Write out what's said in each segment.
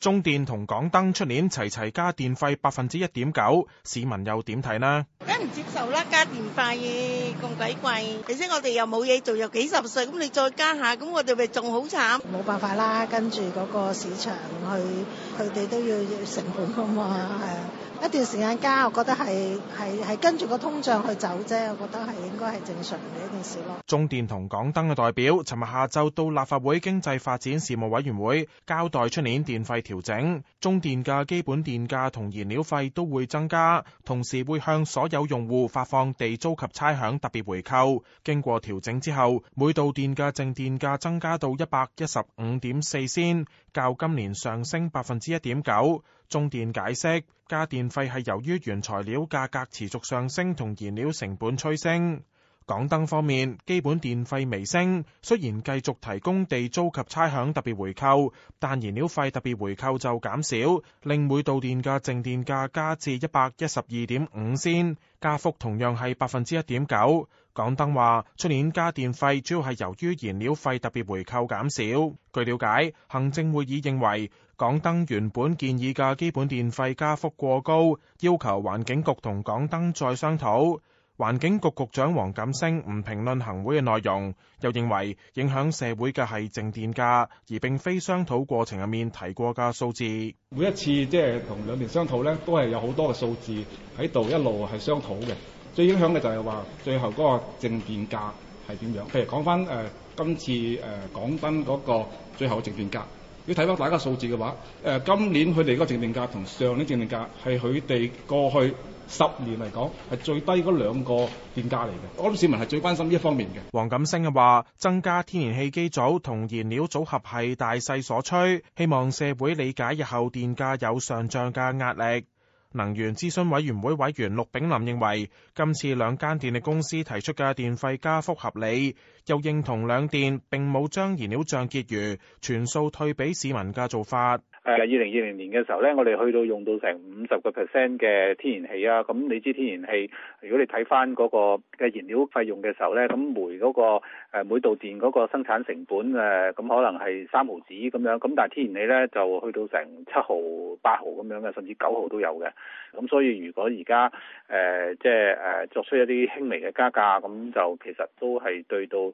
中電同港燈出年齊齊加電費百分之一點九，市民又點睇呢？梗唔接受啦，加電費咁鬼貴，而且我哋又冇嘢做，又幾十歲，咁你再加下，咁我哋咪仲好慘？冇辦法啦，跟住嗰個市場去，佢哋都要成本噶嘛，係啊。一段時間加，我覺得係係係跟住個通脹去走啫。我覺得係應該係正常嘅一件事咯。中電同港燈嘅代表，尋日下晝到立法會經濟發展事務委員會，交代出年電費調整。中電嘅基本電價同燃料費都會增加，同時會向所有用戶發放地租及差餉特別回扣。經過調整之後，每度電嘅淨電價增加到一百一十五點四仙，較今年上升百分之一點九。中電解釋，加電費係由於原材料價格持續上升同燃料成本趨升。港燈方面，基本電費微升，雖然繼續提供地租及差餉特別回扣，但燃料費特別回扣就減少，令每度電嘅淨電價加至一百一十二點五仙，加幅同樣係百分之一點九。港燈話，出年加電費主要係由於燃料費特別回扣減少。據了解，行政會議認為港燈原本建議嘅基本電費加幅過高，要求環境局同港燈再商討。環境局局長黃錦星唔評論行會嘅內容，又認為影響社會嘅係淨電價，而並非商討過程入面提過嘅數字。每一次即係同兩邊商討咧，都係有好多嘅數字喺度一路係商討嘅。最影響嘅就係話最後嗰個淨電價係點樣。譬如講翻誒，今次誒，講翻嗰個最後嘅淨電價，要睇翻大家數字嘅話，誒、呃、今年佢哋嗰個淨電價同上年淨電價係佢哋過去十年嚟講，係最低嗰兩個電價嚟嘅，我諗市民係最關心呢一方面嘅。黃錦星嘅話：增加天然氣機組同燃料組合係大勢所趨，希望社會理解日後電價有上漲嘅壓力。能源諮詢委員會委員陸炳林認為，今次兩間電力公司提出嘅電費加幅合理，又認同兩電並冇將燃料帳結餘全數退俾市民嘅做法。係二零二零年嘅時候呢，我哋去到用到成五十個 percent 嘅天然氣啊！咁你知天然氣，如果你睇翻嗰個嘅燃料費用嘅時候呢，咁煤嗰個誒每度電嗰個生產成本誒，咁可能係三毫紙咁樣，咁但係天然氣呢，就去到成七毫八毫咁樣嘅，甚至九毫都有嘅。咁所以如果而家誒即係誒作出一啲輕微嘅加價，咁就其實都係對到誒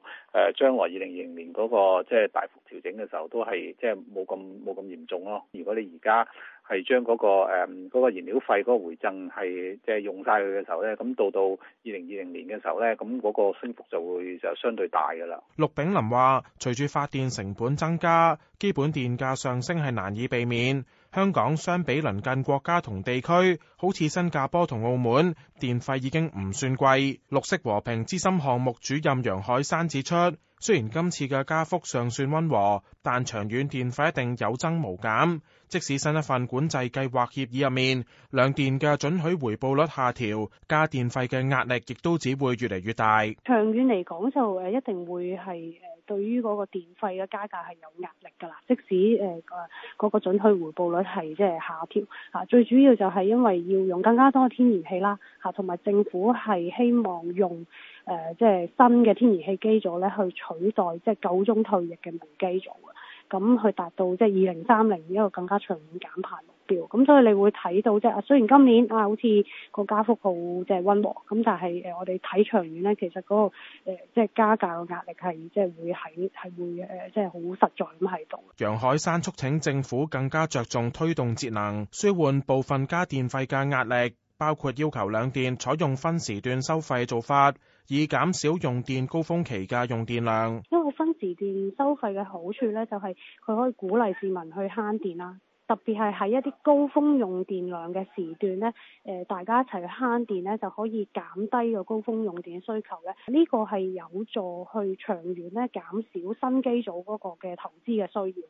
將來二零二零年嗰個即係大幅調整嘅時候，都係即係冇咁冇咁嚴重咯。如果你而家係將嗰個誒、嗯嗰個、燃料費嗰個回贈係即係用晒佢嘅時候咧，咁到到二零二零年嘅時候咧，咁嗰個升幅就會就相對大㗎啦。陸炳林話：隨住發電成本增加，基本電價上升係難以避免。香港相比鄰近國家同地區，好似新加坡同澳門，電費已經唔算貴。綠色和平資深項目主任楊海山指出。雖然今次嘅加幅尚算溫和，但長遠電費一定有增無減。即使新一份管制計劃協議入面，兩電嘅準許回報率下調，加電費嘅壓力亦都只會越嚟越大。長遠嚟講就誒一定會係誒對於嗰個電費嘅加價係有壓力㗎啦。即使誒個嗰個準許回報率係即係下調嚇，最主要就係因為要用更加多嘅天然氣啦嚇，同埋政府係希望用。誒，即係、呃就是、新嘅天然氣機組咧，去取代即係、就是、九宗退役嘅煤機組啊，咁、嗯、去達到即係二零三零呢一個更加長遠減排目標。咁、嗯、所以你會睇到即係，雖然今年啊，好似個加幅好即係温和，咁但係誒、呃，我哋睇長遠咧，其實嗰、那個即係、呃就是、加價嘅壓力係即係會喺係會誒，即係好實在咁喺度。楊海山促請政府更加着重推動節能，紓緩部分加電費嘅壓力。包括要求兩電採用分時段收費做法，以減少用電高峰期嘅用電量。因為分時段收費嘅好處咧，就係佢可以鼓勵市民去慳電啦，特別係喺一啲高峰用電量嘅時段咧，誒，大家一齊去慳電咧，就可以減低個高峰用電需求咧。呢個係有助去長遠咧減少新機組嗰個嘅投資嘅需要。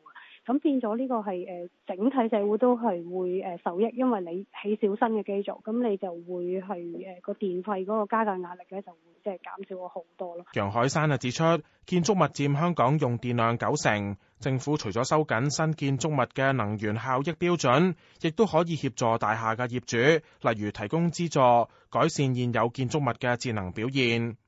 咁變咗呢個係誒整體社會都係會誒受益，因為你起少新嘅機組，咁你就會係誒個電費嗰個加價壓力咧，就會即係減少咗好多咯。楊海山啊指出，建築物佔香港用電量九成，政府除咗收緊新建築物嘅能源效益標準，亦都可以協助大廈嘅業主，例如提供資助，改善現有建築物嘅節能表現。